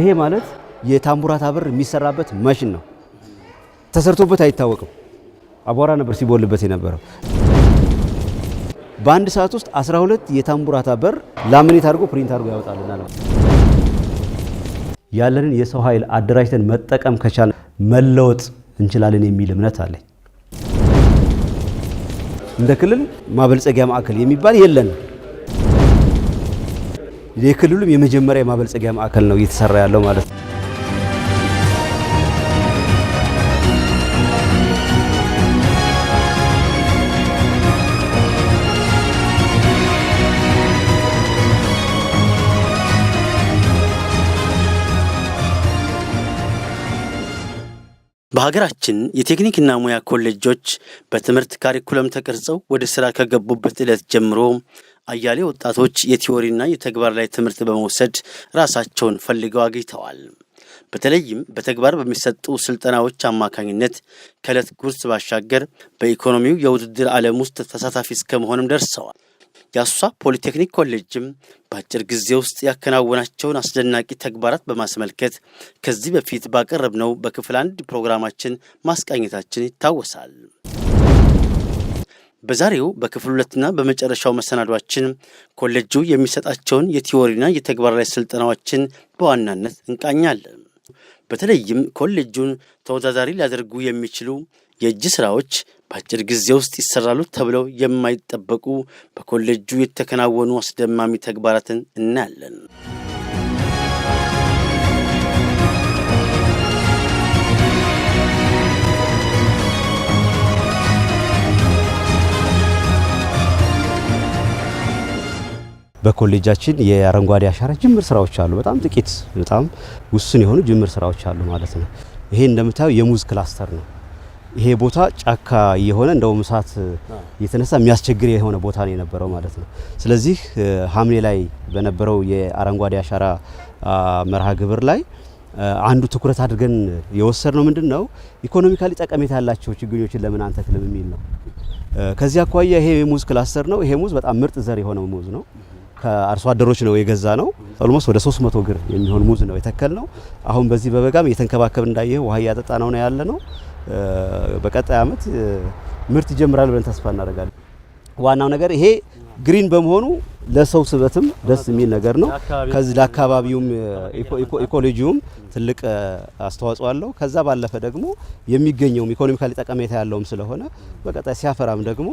ይሄ ማለት የታምቡራታ ብር የሚሰራበት ማሽን ነው። ተሰርቶበት አይታወቅም። አቧራ ነበር ሲቦልበት የነበረው። በአንድ ሰዓት ውስጥ 12 የታምቡራታ በር ላምኔት አድርጎ ፕሪንት አድርጎ ያወጣልናል። ያለንን የሰው ኃይል አደራጅተን መጠቀም ከቻል መለወጥ እንችላለን የሚል እምነት አለኝ። እንደ ክልል ማበልጸጊያ ማዕከል የሚባል የለንም። የክልሉም የመጀመሪያ የማበልጸጊያ ማዕከል ነው እየተሰራ ያለው ማለት ነው። በሀገራችን የቴክኒክና ሙያ ኮሌጆች በትምህርት ካሪኩለም ተቀርጸው ወደ ስራ ከገቡበት ዕለት ጀምሮ አያሌ ወጣቶች የቲዎሪና የተግባር ላይ ትምህርት በመውሰድ ራሳቸውን ፈልገው አግኝተዋል። በተለይም በተግባር በሚሰጡ ስልጠናዎች አማካኝነት ከዕለት ጉርስ ባሻገር በኢኮኖሚው የውድድር ዓለም ውስጥ ተሳታፊ መሆንም ደርሰዋል። የአሶሳ ፖሊቴክኒክ ኮሌጅም በአጭር ጊዜ ውስጥ ያከናወናቸውን አስደናቂ ተግባራት በማስመልከት ከዚህ በፊት ባቀረብነው በክፍል አንድ ፕሮግራማችን ማስቃኘታችን ይታወሳል። በዛሬው በክፍል ሁለትና በመጨረሻው መሰናዷችን ኮሌጁ የሚሰጣቸውን የቲዎሪና የተግባር ላይ ስልጠናዎችን በዋናነት እንቃኛለን። በተለይም ኮሌጁን ተወዳዳሪ ሊያደርጉ የሚችሉ የእጅ ስራዎች በአጭር ጊዜ ውስጥ ይሰራሉ ተብለው የማይጠበቁ በኮሌጁ የተከናወኑ አስደማሚ ተግባራትን እናያለን። በኮሌጃችን የአረንጓዴ አሻራ ጅምር ስራዎች አሉ። በጣም ጥቂት በጣም ውስን የሆኑ ጅምር ስራዎች አሉ ማለት ነው። ይሄ እንደምታየው የሙዝ ክላስተር ነው። ይሄ ቦታ ጫካ የሆነ እንደውም እሳት የተነሳ የሚያስቸግር የሆነ ቦታ ነው የነበረው ማለት ነው። ስለዚህ ሐምሌ ላይ በነበረው የአረንጓዴ አሻራ መርሃ ግብር ላይ አንዱ ትኩረት አድርገን የወሰድ ነው ምንድን ነው ኢኮኖሚካሊ ጠቀሜታ ያላቸው ችግኞችን ለምን አንተክልም የሚል ነው። ከዚህ አኳያ ይሄ ሙዝ ክላስተር ነው። ይሄ ሙዝ በጣም ምርጥ ዘር የሆነው ሙዝ ነው። ከአርሶ አደሮች ነው የገዛ ነው። ኦልሞስት ወደ 300 ግር የሚሆን ሙዝ ነው የተከል ነው። አሁን በዚህ በበጋም እየተንከባከብ እንዳየ ውሃ እያጠጣ ነው ነው ያለ ነው። በቀጣይ አመት ምርት ይጀምራል ብለን ተስፋ እናደርጋለን። ዋናው ነገር ይሄ ግሪን በመሆኑ ለሰው ስበትም ደስ የሚል ነገር ነው። ከዚህ ለአካባቢውም ኢኮሎጂውም ትልቅ አስተዋጽኦ አለው። ከዛ ባለፈ ደግሞ የሚገኘውም ኢኮኖሚካሊ ጠቀሜታ ያለውም ስለሆነ በቀጣይ ሲያፈራም ደግሞ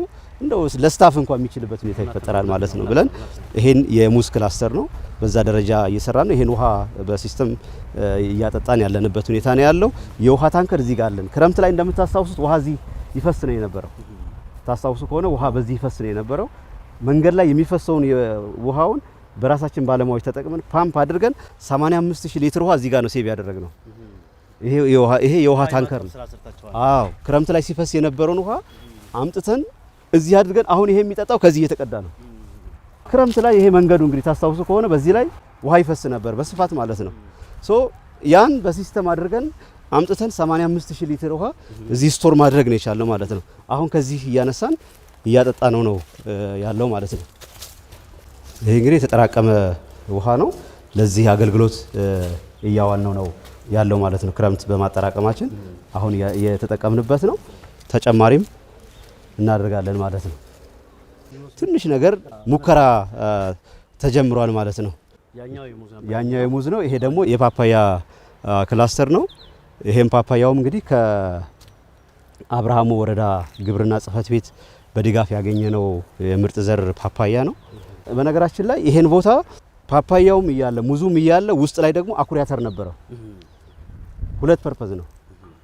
እንደው ለስታፍ እንኳን የሚችልበት ሁኔታ ይፈጠራል ማለት ነው ብለን ይሄን የሙዝ ክላስተር ነው በዛ ደረጃ እየሰራ ነው። ይሄን ውሃ በሲስተም እያጠጣን ያለንበት ሁኔታ ነው ያለው። የውሃ ታንከር እዚህ ጋር አለን። ክረምት ላይ እንደምታስታውሱት ውሃ እዚህ ይፈስ ነው የነበረው። ታስታውሱ ከሆነ ውሃ በዚህ ይፈስ ነው የነበረው። መንገድ ላይ የሚፈሰውን ውሃውን በራሳችን ባለሙያዎች ተጠቅመን ፓምፕ አድርገን 85000 ሊትር ውሃ እዚህ ጋር ነው ሴቭ ያደረግነው። ይሄ የውሃ ይሄ የውሃ ታንከር ነው። አዎ ክረምት ላይ ሲፈስ የነበረውን ውሃ አምጥተን እዚህ አድርገን አሁን ይሄ የሚጠጣው ከዚህ እየተቀዳ ነው። ክረምት ላይ ይሄ መንገዱ እንግዲህ ታስታውሱ ከሆነ በዚህ ላይ ውሃ ይፈስ ነበር በስፋት ማለት ነው። ሶ ያን በሲስተም አድርገን አምጥተን 85000 ሊትር ውሃ እዚህ ስቶር ማድረግ ነው የቻለው ማለት ነው። አሁን ከዚህ እያነሳን እያጠጣ ነው ነው ያለው ማለት ነው። ይህ እንግዲህ የተጠራቀመ ውሃ ነው ለዚህ አገልግሎት እያዋልነው ነው ያለው ማለት ነው። ክረምት በማጠራቀማችን አሁን የተጠቀምንበት ነው። ተጨማሪም እናደርጋለን ማለት ነው። ትንሽ ነገር ሙከራ ተጀምሯል ማለት ነው። ያኛው የሙዝ ነው። ይሄ ደግሞ የፓፓያ ክላስተር ነው። ይሄም ፓፓያውም እንግዲህ ከአብርሃሙ ወረዳ ግብርና ጽሕፈት ቤት በድጋፍ ያገኘነው የምርጥ ዘር ፓፓያ ነው። በነገራችን ላይ ይሄን ቦታ ፓፓያውም እያለ ሙዙም እያለ ውስጥ ላይ ደግሞ አኩሪ አተር ነበረው። ሁለት ፐርፐዝ ነው።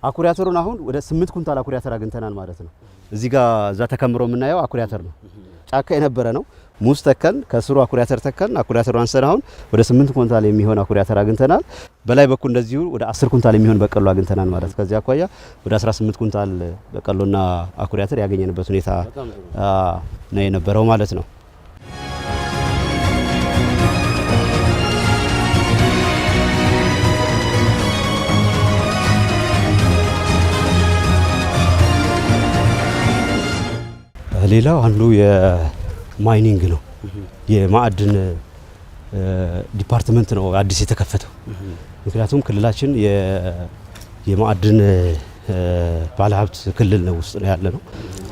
አኩሪ አተሩን አሁን ወደ ስምንት ኩንታል አኩሪ አተር አግኝተናል ማለት ነው። እዚህ ጋር እዛ ተከምሮ የምናየው አኩሪ አተር ነው። ጫካ የነበረ ነው። ሙዝ ተከል ከስሩ አኩሪ አተር ተከል አኩሪ አተር አንሰን አሁን ወደ 8 ኩንታል የሚሆን አኩሪ አተር አግኝተናል። በላይ በኩል እንደዚሁ ወደ 10 ኩንታል የሚሆን በቀሎ አግኝተናል ማለት ከዚህ አኳያ ወደ 18 ኩንታል በቀሎና አኩሪ አተር ያገኘንበት ሁኔታ ነው የነበረው ማለት ነው። ሌላው አንዱ ማይኒንግ ነው። የማዕድን ዲፓርትመንት ነው አዲስ የተከፈተው። ምክንያቱም ክልላችን የማዕድን ባለሀብት ክልል ነው ውስጥ ነው ያለ ነው።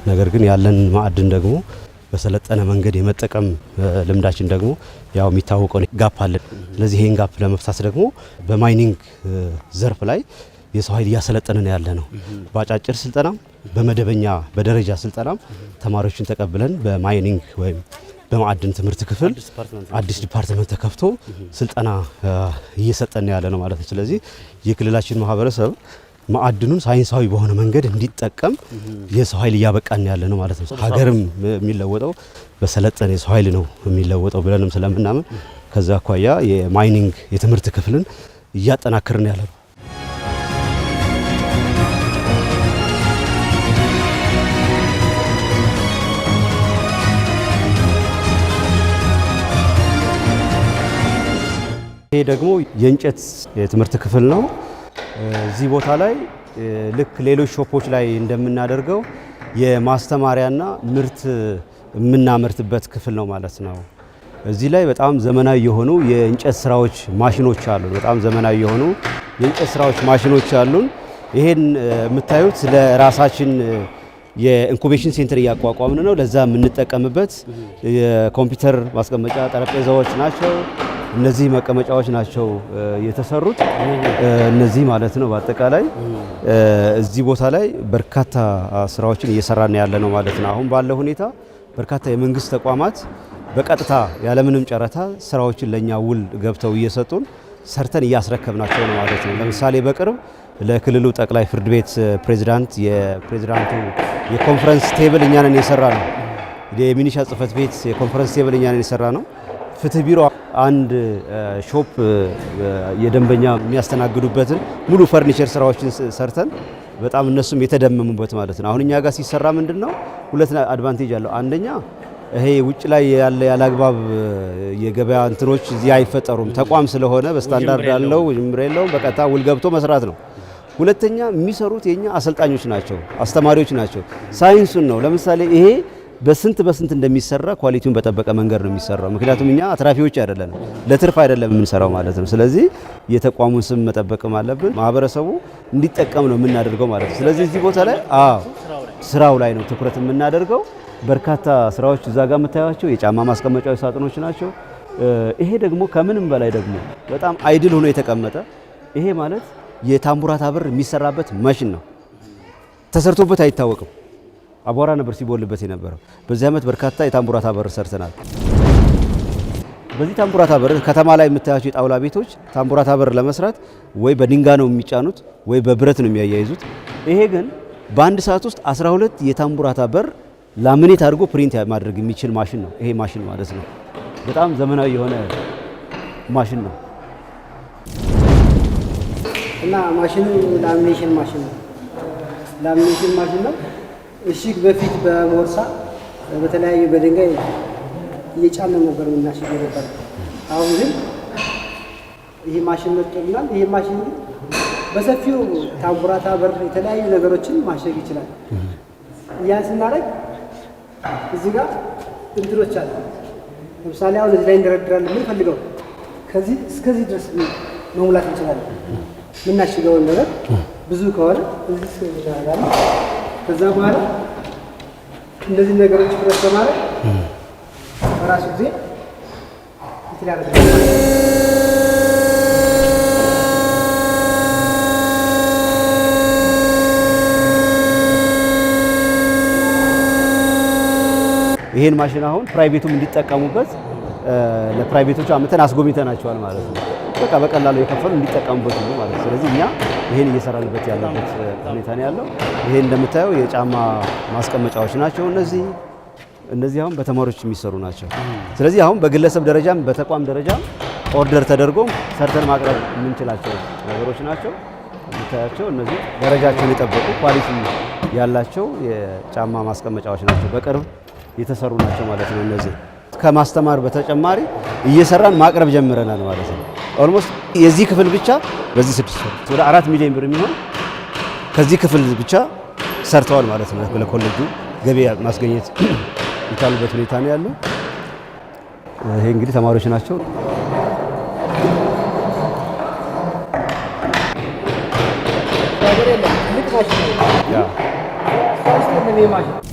ነገር ግን ያለን ማዕድን ደግሞ በሰለጠነ መንገድ የመጠቀም ልምዳችን ደግሞ ያው የሚታወቀው ጋፕ አለን። ስለዚህ ይህን ጋፕ ለመፍታት ደግሞ በማይኒንግ ዘርፍ ላይ የሰው ኃይል እያሰለጠንን ያለ ነው። በአጫጭር ስልጠና በመደበኛ በደረጃ ስልጠና ተማሪዎችን ተቀብለን በማይኒንግ ወይም በማዕድን ትምህርት ክፍል አዲስ ዲፓርትመንት ተከፍቶ ስልጠና እየሰጠን ያለ ነው ማለት ነው። ስለዚህ የክልላችን ማህበረሰብ ማዕድኑን ሳይንሳዊ በሆነ መንገድ እንዲጠቀም የሰው ኃይል እያበቃን ያለ ነው ማለት ነው። ሀገርም የሚለወጠው በሰለጠነ የሰው ኃይል ነው የሚለወጠው ብለንም ስለምናምን ከዛ አኳያ የማይኒንግ የትምህርት ክፍልን እያጠናክርን ያለ ነው። ይሄ ደግሞ የእንጨት የትምህርት ክፍል ነው። እዚህ ቦታ ላይ ልክ ሌሎች ሾፖች ላይ እንደምናደርገው የማስተማሪያና ምርት የምናመርትበት ክፍል ነው ማለት ነው። እዚህ ላይ በጣም ዘመናዊ የሆኑ የእንጨት ስራዎች ማሽኖች አሉ። በጣም ዘመናዊ የሆኑ የእንጨት ስራዎች ማሽኖች አሉን። ይሄን የምታዩት ለራሳችን የኢንኩቤሽን ሴንተር እያቋቋምን ነው። ለዛ የምንጠቀምበት የኮምፒውተር ማስቀመጫ ጠረጴዛዎች ናቸው። እነዚህ መቀመጫዎች ናቸው የተሰሩት። እነዚህ ማለት ነው በአጠቃላይ እዚህ ቦታ ላይ በርካታ ስራዎችን እየሰራን ያለ ነው ማለት ነው። አሁን ባለው ሁኔታ በርካታ የመንግስት ተቋማት በቀጥታ ያለምንም ጨረታ ስራዎችን ለእኛ ውል ገብተው እየሰጡን ሰርተን እያስረከብናቸው ነው ማለት ነው። ለምሳሌ በቅርብ ለክልሉ ጠቅላይ ፍርድ ቤት ፕሬዚዳንት የፕሬዚዳንቱ የኮንፈረንስ ቴብል እኛንን የሰራ ነው። የሚኒሻ ጽህፈት ቤት የኮንፈረንስ ቴብል እኛንን የሰራ ነው። ፍትህ ቢሮ አንድ ሾፕ የደንበኛ የሚያስተናግዱበትን ሙሉ ፈርኒቸር ስራዎችን ሰርተን በጣም እነሱም የተደመሙበት ማለት ነው። አሁን እኛ ጋር ሲሰራ ምንድን ነው ሁለት አድቫንቴጅ አለው። አንደኛ ይሄ ውጭ ላይ ያለ ያለአግባብ የገበያ እንትኖች እዚህ አይፈጠሩም። ተቋም ስለሆነ በስታንዳርድ ያለው ጅምር የለውም። በቀጥታ ውል ገብቶ መስራት ነው። ሁለተኛ የሚሰሩት የኛ አሰልጣኞች ናቸው፣ አስተማሪዎች ናቸው። ሳይንሱን ነው። ለምሳሌ ይሄ በስንት በስንት እንደሚሰራ ኳሊቲውን በጠበቀ መንገድ ነው የሚሰራው። ምክንያቱም እኛ አትራፊዎች አይደለንም፣ ለትርፍ አይደለም የምንሰራው ማለት ነው። ስለዚህ የተቋሙን ስም መጠበቅም አለብን፣ ማህበረሰቡ እንዲጠቀም ነው የምናደርገው ማለት ነው። ስለዚህ እዚህ ቦታ ላይ አዎ ስራው ላይ ነው ትኩረት የምናደርገው። በርካታ ስራዎች እዛ ጋር የምታያቸው የጫማ ማስቀመጫዊ ሳጥኖች ናቸው። ይሄ ደግሞ ከምንም በላይ ደግሞ በጣም አይድል ሆኖ የተቀመጠ ይሄ ማለት የታምቡራታ ብር የሚሰራበት ማሽን ነው። ተሰርቶበት አይታወቅም። አቧራ ነበር ሲቦልበት የነበረው። በዚህ ዓመት በርካታ የታምቡራታ በር ሰርተናል። በዚህ ታምቡራታ በር ከተማ ላይ የምታያቸው የጣውላ ቤቶች ታምቡራታ በር ለመስራት ወይ በድንጋይ ነው የሚጫኑት ወይ በብረት ነው የሚያያይዙት። ይሄ ግን በአንድ ሰዓት ውስጥ 12 የታምቡራታ በር ላምኔት አድርጎ ፕሪንት ማድረግ የሚችል ማሽን ነው ይሄ ማሽን ማለት ነው። በጣም ዘመናዊ የሆነ ማሽን ነው እና ማሽኑ ላሚኔሽን ማሽን ነው። ላሚኔሽን ማሽን ነው። እሽግ በፊት በሞርሳ በተለያዩ በድንጋይ እየጫነ ነበር የምናሽገው ነበር። አሁን ግን ይህ ማሽን መጥቶልናል። ይሄ ማሽን በሰፊው ታንቡራታ፣ በር፣ የተለያዩ ነገሮችን ማሸግ ይችላል። ያን ስናደርግ እዚህ ጋር እንትኖች አለ። ለምሳሌ አሁን እዚህ ላይ እንደረድራለን። የምንፈልገው ከዚህ እስከዚህ ድረስ መሙላት እንችላለን። የምናሽገውን ነገር ብዙ ከሆነ እዚህ እስከዚህ ከዛ በኋላ እነዚህ ነገሮች ፍረት በማድረግ በራሱ ጊዜ ይችላል። ይህን ማሽን አሁን ፕራይቬቱም እንዲጠቀሙበት ለፕራይቬቶቹ አምተን አስጎብኝተናቸዋል ማለት ነው። በቃ በቀላሉ የከፈሉ እንዲጠቀሙበት ነው ማለት ነው። ስለዚህ እኛ ይሄን እየሰራንበት ያለበት ሁኔታ ነው ያለው። ይሄን እንደምታየው የጫማ ማስቀመጫዎች ናቸው እነዚህ እነዚህ አሁን በተማሪዎች የሚሰሩ ናቸው። ስለዚህ አሁን በግለሰብ ደረጃም በተቋም ደረጃም ኦርደር ተደርጎ ሰርተን ማቅረብ የምንችላቸው ነገሮች ናቸው። የምታያቸው እነዚህ ደረጃቸውን የጠበቁ ኳሊቲ ያላቸው የጫማ ማስቀመጫዎች ናቸው። በቅርብ የተሰሩ ናቸው ማለት ነው እነዚህ ከማስተማር በተጨማሪ እየሰራን ማቅረብ ጀምረናል ማለት ነው። ኦልሞስት የዚህ ክፍል ብቻ በዚህ ስድስት ወር ወደ አራት ሚሊዮን ብር የሚሆን ከዚህ ክፍል ብቻ ሰርተዋል ማለት ነው። ለኮሌጁ ገቢ ማስገኘት የቻሉበት ሁኔታ ነው ያለው። ይሄ እንግዲህ ተማሪዎች ናቸው። ያ